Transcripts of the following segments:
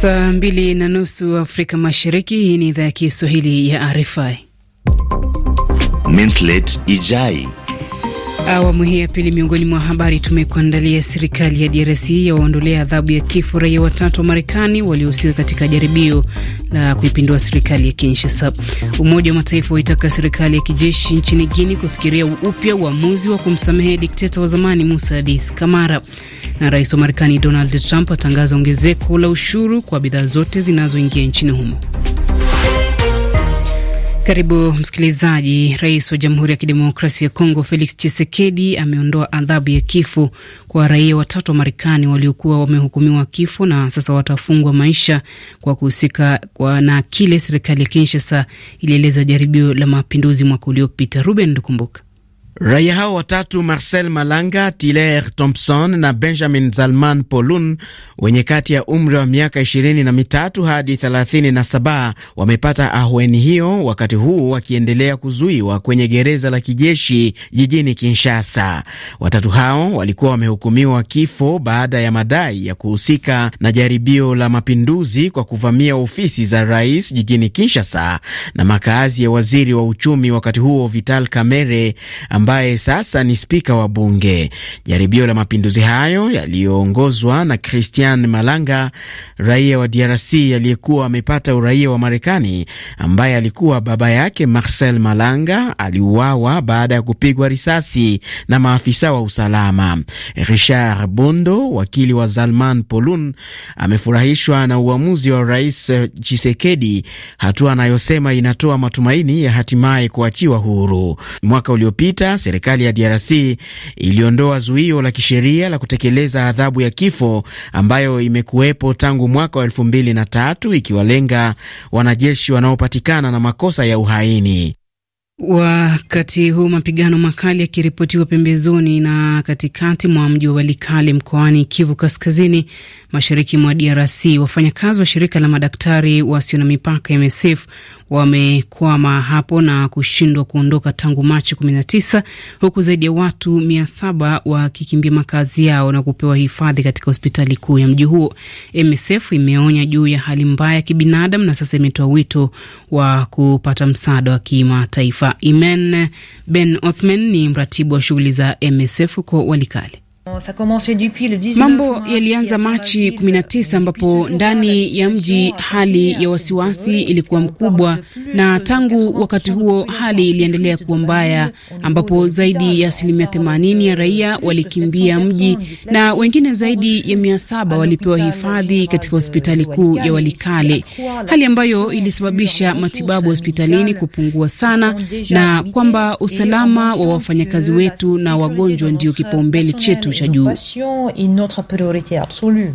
Saa mbili na nusu Afrika Mashariki. Hii ni idhaa ya Kiswahili ya RFI. Mintlet Ijai. Awamu hii ya pili, miongoni mwa habari tumekuandalia: serikali ya DRC yawaondolea adhabu ya kifo raia watatu wa Marekani waliohusika katika jaribio la kuipindua serikali ya Kinshasa. Umoja wa Mataifa waitaka serikali ya kijeshi nchini Guini kufikiria upya uamuzi wa kumsamehe dikteta wa zamani Musa Dis Kamara na rais wa Marekani Donald Trump atangaza ongezeko la ushuru kwa bidhaa zote zinazoingia nchini humo. Karibu msikilizaji. Rais wa Jamhuri ya Kidemokrasia ya Kongo Felix Tshisekedi ameondoa adhabu ya kifo kwa raia watatu wa Marekani waliokuwa wamehukumiwa kifo na sasa watafungwa maisha kwa kuhusika na kile serikali ya Kinshasa ilieleza jaribio la mapinduzi mwaka uliopita. Ruben Lukumbuka. Raia hao watatu Marcel Malanga, Tiler Thompson na Benjamin Zalman Polun wenye kati ya umri wa miaka ishirini na mitatu hadi 37 na saba wamepata ahueni hiyo, wakati huu wakiendelea kuzuiwa kwenye gereza la kijeshi jijini Kinshasa. Watatu hao walikuwa wamehukumiwa kifo baada ya madai ya kuhusika na jaribio la mapinduzi kwa kuvamia ofisi za rais jijini Kinshasa na makazi ya waziri wa uchumi wakati huo Vital Kamerhe ambaye sasa ni spika wa bunge. Jaribio la mapinduzi hayo yaliyoongozwa na Christian Malanga, raia wa DRC aliyekuwa amepata uraia wa Marekani, ambaye alikuwa baba yake Marcel Malanga, aliuawa baada ya kupigwa risasi na maafisa wa usalama. Richard Bondo, wakili wa Zalman Polun, amefurahishwa na uamuzi wa Rais chisekedi hatua anayosema inatoa matumaini ya hatimaye kuachiwa huru. Mwaka uliopita serikali ya DRC iliondoa zuio la kisheria la kutekeleza adhabu ya kifo ambayo imekuwepo tangu mwaka wa elfu mbili na tatu ikiwalenga wanajeshi wanaopatikana na makosa ya uhaini. Wakati huu mapigano makali yakiripotiwa pembezoni na katikati mwa mji wa Walikale mkoani Kivu Kaskazini, mashariki mwa DRC, wafanyakazi wa shirika la madaktari wasio na mipaka MSF wamekwama hapo na kushindwa kuondoka tangu Machi 19 huku zaidi ya watu 7 wakikimbia makazi yao na kupewa hifadhi katika hospitali kuu ya mji huo. MSF imeonya juu ya hali mbaya ya kibinadamu na sasa imetoa wito wa kupata msaada wa kimataifa. Mataifa. Imen Ben Othman ni mratibu wa shughuli za MSF huko Walikale. Mambo yalianza Machi 19 ambapo ndani ya mji hali ya wasiwasi ilikuwa mkubwa, na tangu wakati huo hali iliendelea kuwa mbaya, ambapo zaidi ya asilimia 80 ya raia walikimbia mji na wengine zaidi ya mia saba walipewa hifadhi katika hospitali kuu ya Walikale, hali ambayo ilisababisha matibabu hospitalini kupungua sana, na kwamba usalama wa wafanyakazi wetu na wagonjwa ndio kipaumbele chetu. La passion est notre priorité absolue.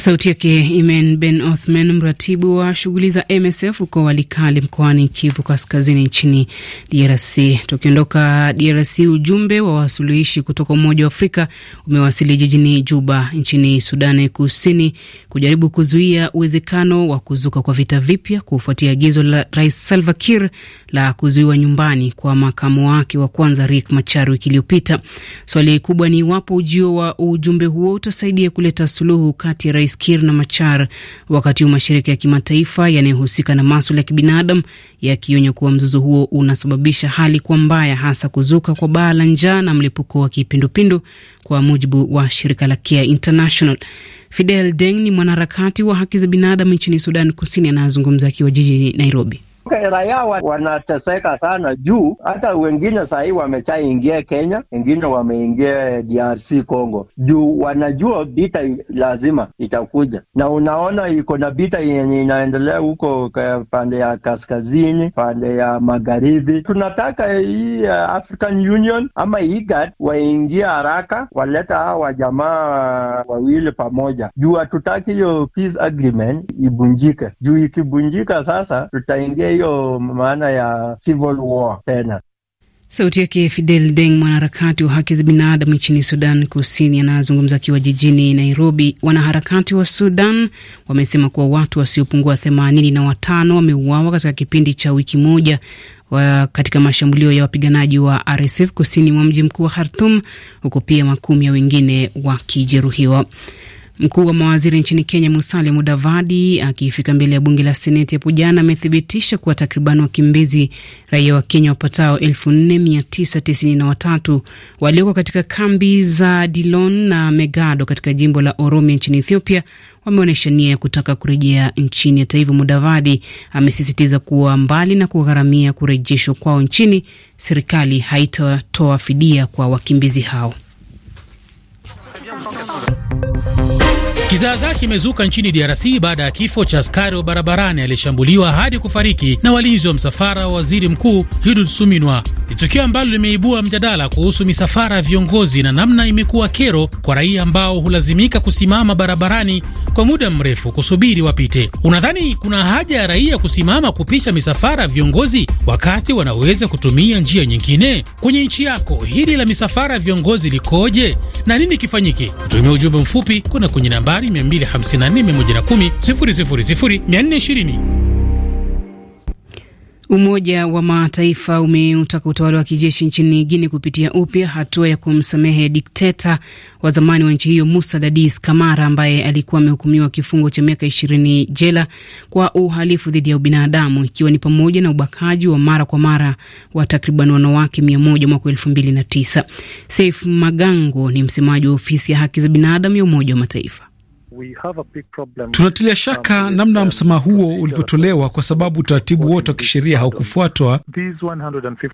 Sauti yake Imen Ben Othman, mratibu wa shughuli za MSF huko Walikale mkoani Kivu Kaskazini nchini DRC. Tukiondoka DRC, ujumbe wa wasuluhishi kutoka Umoja wa Afrika umewasili jijini Juba nchini Sudani Kusini kujaribu kuzuia uwezekano wa kuzuka kwa vita vipya kufuatia agizo la Rais Salva Kiir la kuzuiwa nyumbani kwa makamu wake wa kwanza Riek Machar wiki iliyopita. Swali kubwa ni iwapo ujio wa ujumbe huo utasaidia kuleta suluhu kati ya rais Kir na Machar, wakati huu mashirika ya kimataifa yanayohusika na maswala ya kibinadamu yakionya kuwa mzozo huo unasababisha hali kuwa mbaya, hasa kuzuka kwa baa la njaa na mlipuko wa kipindupindu, kwa mujibu wa shirika la Care International. Fidel Deng ni mwanaharakati wa haki za binadamu nchini Sudan Kusini, anazungumza akiwa jijini Nairobi. Raia wanateseka sana juu hata wengine sahii wameshaingia Kenya, wengine wameingia DRC Congo juu wanajua vita lazima itakuja, na unaona iko na vita yenye inaendelea huko pande ya kaskazini, pande ya magharibi. Tunataka hii eh, African Union ama IGAD waingia haraka, waleta hawa jamaa eh, wawili pamoja juu hatutaki hiyo peace agreement ibunjike, juu ikibunjika sasa tutaingia hiyo maana ya civil war tena. Sauti yake Fidel Deng, mwanaharakati wa haki za binadamu nchini Sudan Kusini, anazungumza akiwa jijini Nairobi. Wanaharakati wa Sudan wamesema kuwa watu wasiopungua themanini na watano wameuawa katika kipindi cha wiki moja wa katika mashambulio ya wapiganaji wa RSF kusini mwa mji mkuu wa Khartum, huku pia makumi ya wengine wakijeruhiwa. Mkuu wa mawaziri nchini Kenya Musalia Mudavadi akifika mbele ya bunge la seneti hapo jana amethibitisha kuwa takriban wakimbizi raia wa Kenya wapatao 4993 walioko katika kambi za Dilon na Megado katika jimbo la Oromia nchini Ethiopia wameonyesha nia ya kutaka kurejea nchini. Hata hivyo, Mudavadi amesisitiza kuwa mbali na kugharamia kurejeshwa kwao nchini, serikali haitatoa fidia kwa wakimbizi hao. Kizaazaa kimezuka nchini DRC baada ya kifo cha askari wa barabarani aliyeshambuliwa hadi kufariki na walinzi wa msafara wa waziri mkuu Hidud Suminwa, ni tukio ambalo limeibua mjadala kuhusu misafara ya viongozi na namna imekuwa kero kwa raia ambao hulazimika kusimama barabarani kwa muda mrefu kusubiri wapite. Unadhani kuna haja ya raia kusimama kupisha misafara ya viongozi wakati wanaweza kutumia njia nyingine? Kwenye nchi yako hili la misafara ya viongozi likoje na nini kifanyike? Kutumia ujumbe mfupi kuna kwenye nambari nambari 254 110 420. Umoja wa Mataifa umeutaka utawala wa kijeshi nchini Guinea kupitia upya hatua ya kumsamehe dikteta wa zamani wa nchi hiyo Musa Dadis Kamara ambaye alikuwa amehukumiwa kifungo cha miaka ishirini jela kwa uhalifu dhidi ya ubinadamu ikiwa ni pamoja na ubakaji wa mara kwa mara wa takriban wanawake mia moja mwaka elfu mbili na tisa. Saif Magango ni msemaji wa ofisi ya haki za binadamu ya Umoja wa Mataifa. Tunatilia shaka namna msamaha huo ulivyotolewa kwa sababu utaratibu wote wa kisheria haukufuatwa.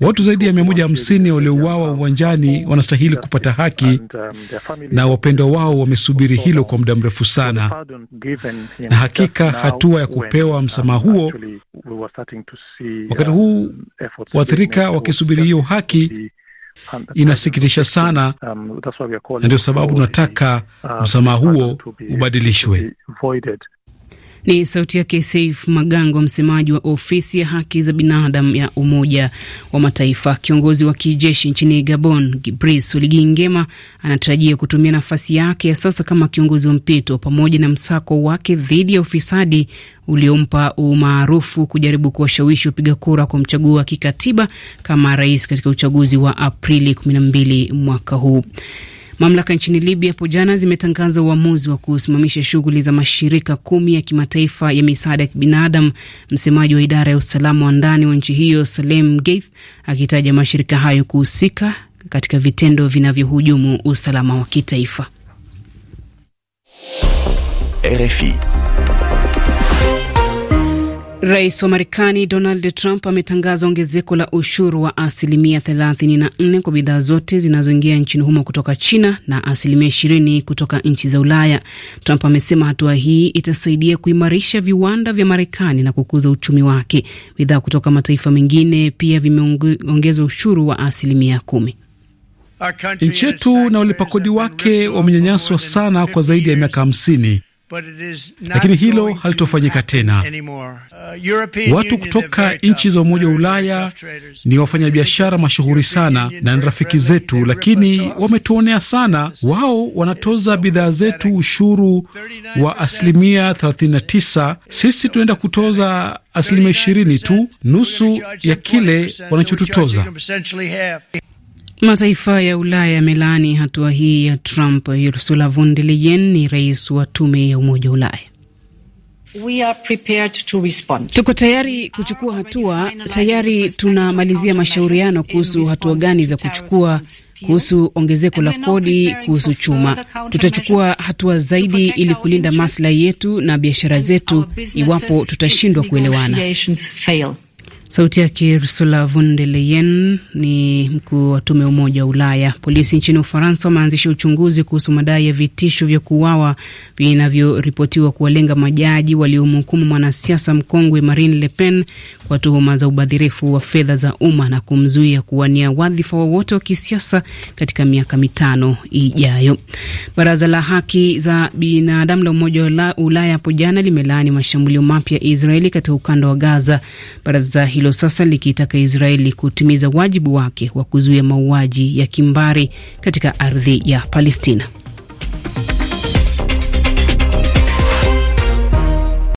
Watu zaidi ya 150 waliouawa uwanjani wanastahili kupata haki, um, na wapendwa wao wamesubiri hilo kwa muda mrefu sana, na hakika hatua ya kupewa um, msamaha huo, wakati huu um, waathirika wakisubiri hiyo haki Inasikitisha sana, um, na ndio sababu tunataka um, msamaha huo ubadilishwe. Ni sauti yake saif Magango, msemaji wa ofisi ya haki za binadamu ya Umoja wa Mataifa. Kiongozi wa kijeshi nchini Gabon, Brice Oligui Nguema, anatarajia kutumia nafasi yake ya sasa kama kiongozi wa mpito, pamoja na msako wake dhidi ya ufisadi uliompa umaarufu, kujaribu kuwashawishi wapiga kura kumchagua kikatiba kama rais katika uchaguzi wa Aprili 12 mwaka huu. Mamlaka nchini Libya hapo jana zimetangaza uamuzi wa kusimamisha shughuli za mashirika kumi ya kimataifa ya misaada ya kibinadamu, msemaji wa idara ya usalama wa ndani wa nchi hiyo Salem gaith akitaja mashirika hayo kuhusika katika vitendo vinavyohujumu usalama wa kitaifa. RFI. Rais wa Marekani Donald Trump ametangaza ongezeko la ushuru wa asilimia 34 kwa bidhaa zote zinazoingia nchini humo kutoka China na asilimia 20 kutoka nchi za Ulaya. Trump amesema hatua hii itasaidia kuimarisha viwanda vya Marekani na kukuza uchumi wake. Bidhaa kutoka mataifa mengine pia vimeongeza ushuru wa asilimia kumi. Nchi yetu na walipakodi wake wamenyanyaswa sana kwa zaidi ya miaka hamsini lakini hilo halitofanyika tena. Uh, watu kutoka nchi za Umoja wa Ulaya ni wafanyabiashara mashuhuri sana na ni rafiki zetu, lakini wametuonea sana. Wao wanatoza bidhaa zetu ushuru wa asilimia 39, sisi tunaenda kutoza asilimia 20 tu, nusu ya kile wanachotutoza. Mataifa ya Ulaya yamelaani hatua hii ya Trump. Ursula von der Leyen ni rais wa tume ya Umoja wa Ulaya. We are prepared to respond. Tuko tayari kuchukua hatua. Tayari tunamalizia mashauriano kuhusu hatua gani za kuchukua, kuhusu ongezeko la kodi, kuhusu chuma. Tutachukua hatua zaidi ili kulinda maslahi yetu na biashara zetu iwapo tutashindwa kuelewana. Sauti yake Ursula von der Leyen ni mkuu wa tume ya Umoja wa Ulaya. Polisi nchini Ufaransa wameanzisha uchunguzi kuhusu madai ya vitisho vya kuuawa vinavyoripotiwa kuwalenga majaji waliomhukumu mwanasiasa mkongwe Marine Le Pen kwa tuhuma za ubadhirifu wa fedha za umma na kumzuia kuwania wadhifa wowote wa kisiasa katika miaka mitano ijayo. Baraza la haki za binadamu la Umoja wa Ulaya hapo jana limelaani mashambulio mapya ya Israeli katika ukanda wa Gaza, baraza hilo sasa likitaka Israeli kutimiza wajibu wake wa kuzuia mauaji ya kimbari katika ardhi ya Palestina.